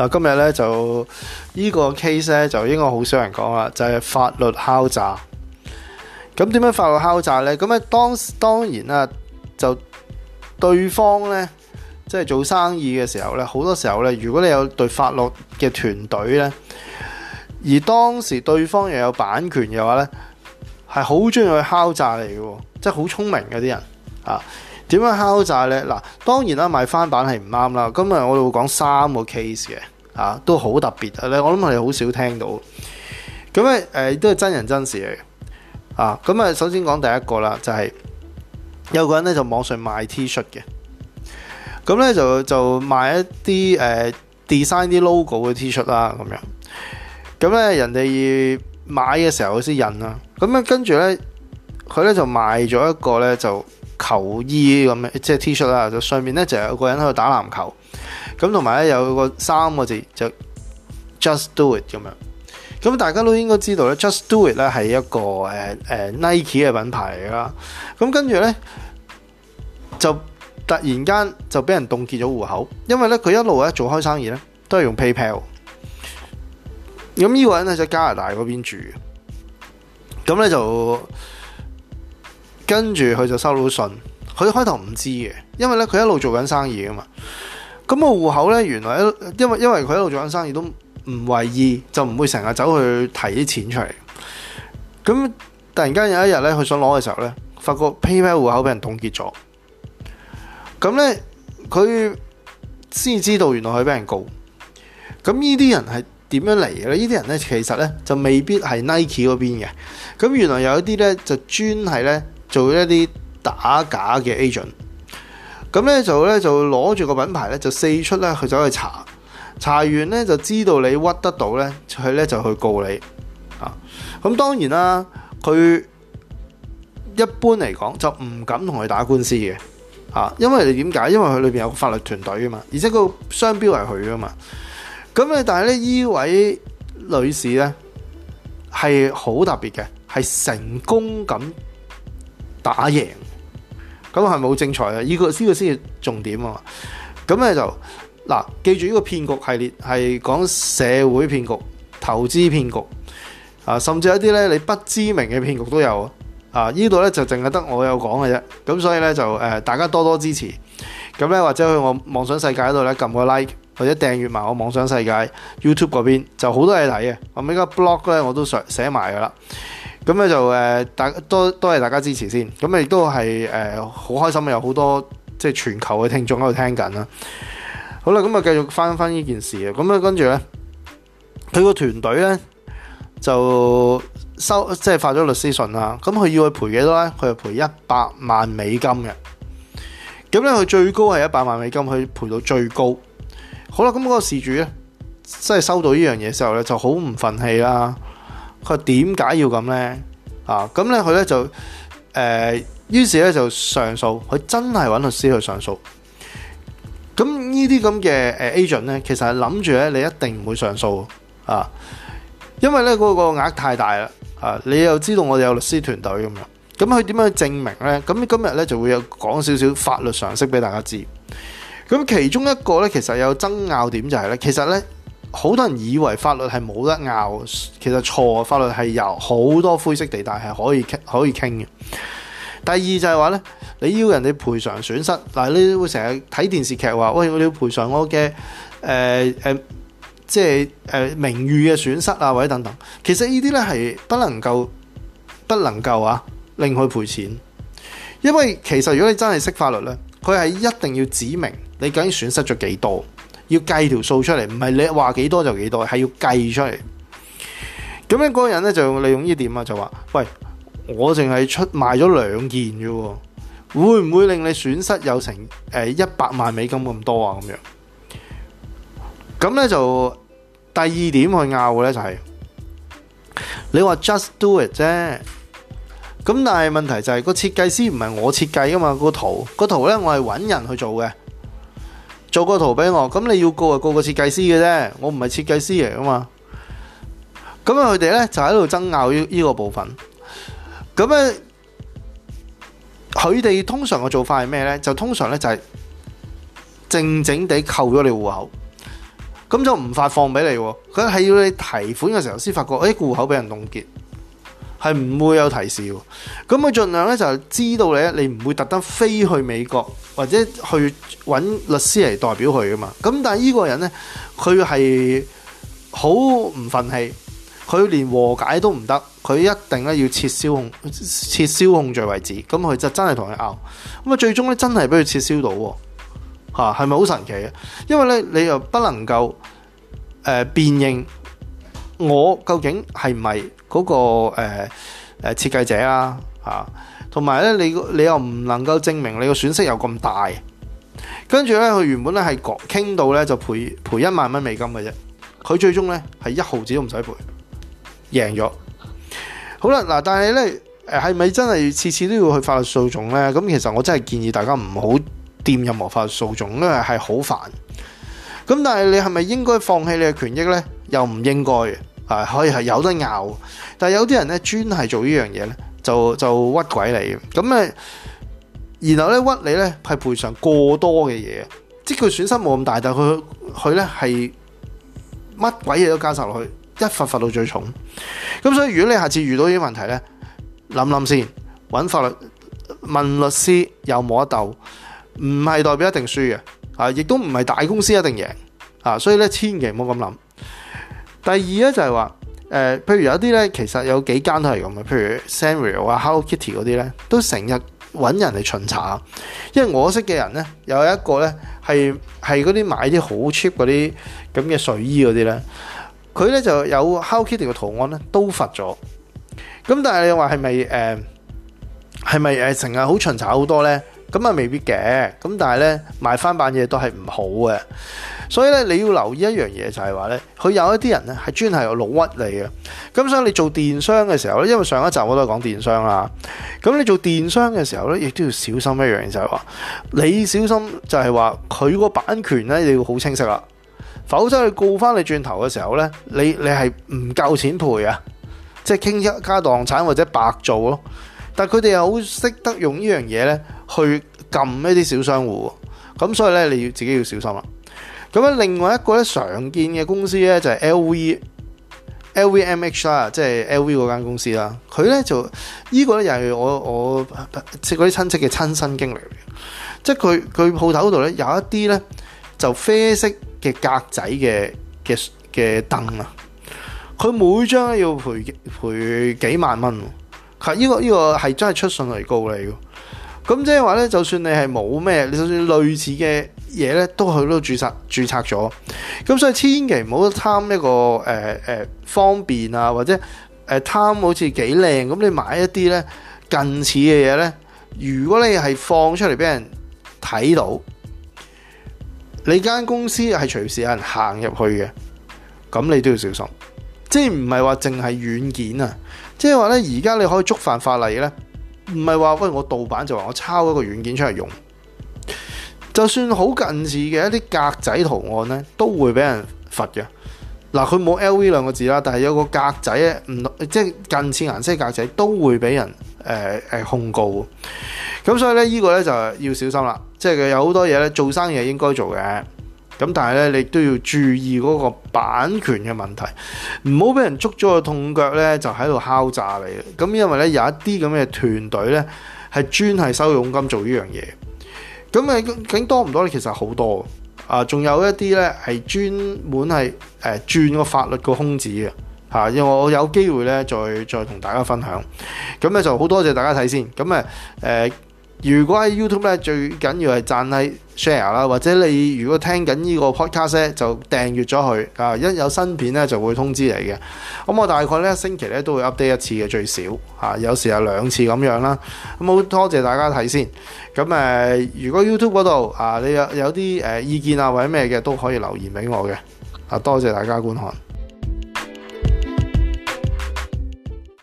嗱，今日咧就呢個 case 咧，就應該好少人講啦，就係法律敲詐。咁點樣法律敲詐咧？咁當時當然啦，就對方咧，即係做生意嘅時候咧，好多時候咧，如果你有對法律嘅團隊咧，而當時對方又有版權嘅話咧，係好中意去敲詐嚟嘅，即係好聰明嗰啲人啊！點樣敲詐咧？嗱，當然啦，賣翻版係唔啱啦。今日我哋會講三個 case 嘅，都好特別咧，我諗我哋好少聽到。咁咧、呃，都係真人真事嚟嘅。啊，咁啊，首先講第一個啦，就係、是、有個人咧就網上賣 T 恤嘅，咁咧就就賣一啲 design 啲 logo 嘅 T 恤啦，咁樣，咁咧，人哋買嘅時候先印啦，咁咧跟住咧，佢咧就賣咗一個咧就。球衣咁樣，即係 T 恤啦。就上面咧就有個人喺度打籃球，咁同埋咧有個三個字就 Just Do It 咁樣。咁大家都應該知道咧，Just Do It 咧係一個誒誒、啊啊、Nike 嘅品牌嚟㗎啦。咁、啊、跟住咧就突然間就俾人凍結咗戶口，因為咧佢一路咧做開生意咧都係用 PayPal。咁、啊、呢、呢個人咧就喺加拿大嗰邊住，咁、啊、咧就。跟住佢就收到信，佢開頭唔知嘅，因為咧佢一路做緊生意噶嘛，咁個戶口咧原來，因為因為佢一路做緊生意都唔為意，就唔會成日走去提啲錢出嚟。咁突然間有一日咧，佢想攞嘅時候咧，發覺 PayPal 戶口俾人凍結咗。咁咧佢先知道原來佢俾人告。咁呢啲人係點樣嚟嘅咧？呢啲人咧其實咧就未必係 Nike 嗰邊嘅。咁原來有一啲咧就專係咧。做一啲打假嘅 agent，咁咧就咧就攞住個品牌咧就四出咧去走去查，查完咧就知道你屈得到咧，佢咧就去告你啊。咁當然啦，佢一般嚟講就唔敢同佢打官司嘅啊，因為你點解？因為佢裏邊有個法律團隊啊嘛，而且個商標係佢啊嘛。咁咧，但係咧呢位女士咧係好特別嘅，係成功咁。打贏咁係冇正財啊！呢個呢個先係重點啊！咁咧就嗱、啊，記住呢個騙局系列係講社會騙局、投資騙局啊，甚至一啲咧你不知名嘅騙局都有啊！啊呢度咧就淨係得我有講嘅啫，咁所以咧就誒、呃，大家多多支持，咁咧或者去我妄想世界度咧撳個 like 或者訂閱埋我妄想世界 YouTube 嗰邊，就好多嘢睇嘅。我而家 blog 咧我都寫寫埋噶啦。咁咧就誒，大、呃、多謝大家支持先。咁亦都係誒好開心，有好多即係全球嘅聽眾喺度聽緊啦。好啦，咁啊繼續翻翻呢件事啊。咁啊跟住咧，佢個團隊咧就收即係發咗律師信啦。咁佢要佢賠幾多咧？佢就賠一百萬美金嘅。咁咧佢最高係一百萬美金，佢賠到最高。好啦，咁、那、嗰個事主咧，即係收到呢樣嘢時候咧，就好唔憤氣啦。佢點解要咁呢？啊，咁咧佢咧就誒、呃，於是咧就上訴。佢真係揾律師去上訴。咁呢啲咁嘅誒 agent 呢，其實係諗住咧你一定唔會上訴啊，因為呢嗰個額太大啦。啊，你又知道我哋有律師團隊咁樣。咁佢點樣去證明呢？咁今日呢，就會有講少少法律常識俾大家知。咁其中一個呢，其實有爭拗點就係、是、呢。其實咧。好多人以為法律係冇得拗，其實錯啊！法律係由好多灰色地帶係可以傾，可以傾嘅。第二就係話咧，你要人哋賠償損失，嗱，你會成日睇電視劇話，喂，我要賠償我嘅誒誒，即係誒、呃、名譽嘅損失啊或者等等。其實呢啲咧係不能夠，不能夠啊令佢賠錢，因為其實如果你真係識法律咧，佢係一定要指明你究竟損失咗幾多。要計條數出嚟，唔係你話幾多就幾多，係要計出嚟。咁樣嗰個人咧就利用呢點啊，就話：「喂，我淨係出賣咗兩件啫，會唔會令你損失有成誒一百萬美金咁多啊？咁樣。咁咧就第二點去拗咧就係，你話 just do it 啫。咁但係問題就係個設計師唔係我設計㗎嘛，個圖個圖咧我係揾人去做嘅。做個圖俾我，咁你要告啊，告個設計師嘅啫，我唔係設計師嚟噶嘛。咁啊，佢哋咧就喺度爭拗呢依個部分。咁咧，佢哋通常嘅做法係咩咧？就通常咧就係靜靜地扣咗你戶口，咁就唔發放俾你。佢係要你提款嘅時候先發覺，誒戶口俾人凍結。係唔會有提示嘅，咁佢盡量咧就知道你咧，你唔會特登飛去美國或者去揾律師嚟代表佢㗎嘛。咁但係呢個人咧，佢係好唔憤氣，佢連和解都唔得，佢一定咧要撤銷控、撤銷控罪為止。咁佢就真係同佢拗，咁啊最終咧真係俾佢撤銷到喎，嚇係咪好神奇啊？因為咧你又不能夠誒、呃、辨認。我究竟係唔係嗰個誒誒、呃、設計者啊？嚇、啊，同埋咧，你你又唔能夠證明你個損失有咁大，跟住咧，佢原本咧係講傾到咧就賠賠一萬蚊美金嘅啫，佢最終咧係一毫子都唔使賠，贏咗。好啦，嗱，但係咧係咪真係次次都要去法律訴訟咧？咁其實我真係建議大家唔好掂任何法律訴訟咧，因為係好煩。咁但係你係咪應該放棄你嘅權益咧？又唔應該嘅。啊，可以係有得拗，但係有啲人咧專係做呢樣嘢咧，就就屈鬼你咁啊！然後咧屈你咧係賠償過多嘅嘢，即係佢損失冇咁大，但係佢佢咧係乜鬼嘢都加晒落去，一罰罰到最重。咁所以如果你下次遇到呢啲問題咧，諗諗先，揾法律問律師有冇得鬥，唔係代表一定輸嘅，啊，亦都唔係大公司一定贏，啊，所以咧千祈唔好咁諗。第二咧就係、是、話，誒、呃，譬如有啲咧，其實有幾間都係咁嘅，譬如 Sanrio 啊、Hello Kitty 嗰啲咧，都成日揾人嚟巡查。因為我識嘅人咧，有一個咧係係嗰啲買啲好 cheap 嗰啲咁嘅睡衣嗰啲咧，佢咧就有 Hello Kitty 嘅圖案咧都罰咗。咁但係你話係咪誒係咪誒成日好巡查好多咧？咁啊，就未必嘅，咁但係咧，賣翻版嘢都係唔好嘅，所以咧，你要留意一樣嘢就係話咧，佢有一啲人咧係專係有老屈嚟嘅，咁所以你做電商嘅時候咧，因為上一集我都係講電商啦，咁你做電商嘅時候咧，亦都要小心一樣嘢就係話，你小心就係話佢個版權咧你要好清晰啦，否則佢告翻你轉頭嘅時候咧，你你係唔夠錢賠啊，即係傾家蕩產或者白做咯。但佢哋又好識得用呢樣嘢咧，去撳一啲小商戶，咁所以咧你要自己要小心啦。咁樣另外一個咧，常見嘅公司咧就係 L V L V M H 啦，即係 L V 嗰間公司啦。佢咧就呢個咧又係我我識嗰啲親戚嘅親身經歷，即係佢佢鋪頭度咧有一啲咧就啡色嘅格仔嘅嘅嘅凳啊，佢每張咧要賠賠幾萬蚊。呢、呢個呢、呢個係真係出信嚟告你嘅，咁即係話咧，就算你係冇咩，你就算類似嘅嘢咧，都去到註冊註冊咗，咁所以千祈唔好貪一個誒誒、呃呃、方便啊，或者誒貪、呃、好似幾靚，咁你買一啲咧近似嘅嘢咧，如果你係放出嚟俾人睇到，你間公司係隨時有人行入去嘅，咁你都要小心，即係唔係話淨係軟件啊？即係話咧，而家你可以觸犯法例咧，唔係話，喂我盜版就話我抄一個軟件出嚟用，就算好近似嘅一啲格仔圖案咧，都會俾人罰嘅。嗱，佢冇 LV 兩個字啦，但係有個格仔唔即係近似顏色格仔都會俾人誒誒控告。咁所以咧，呢個咧就要小心啦。即係佢有好多嘢咧，做生意應該做嘅。咁但係咧，你都要注意嗰個版權嘅問題，唔好俾人捉咗個痛腳咧，就喺度敲詐你。咁因為咧，有一啲咁嘅團隊咧，係專係收佣金做多多呢樣嘢。咁啊，究竟多唔多咧？其實好多啊，仲有一啲咧係專門係誒、啊、轉個法律個空子嘅、啊、因為我有機會咧再再同大家分享。咁咧就好多謝大家睇先。咁啊如果喺 YouTube 咧，最緊要係讚下 share 啦，或者你如果聽緊呢個 podcast 就訂閱咗佢啊，一有新片咧就會通知你嘅。咁我大概咧一星期咧都會 update 一次嘅最少，有時係兩次咁樣啦。咁好多謝大家睇先看。咁誒，如果 YouTube 嗰度啊，你有有啲誒意見啊或者咩嘅都可以留言俾我嘅。啊，多謝大家觀看。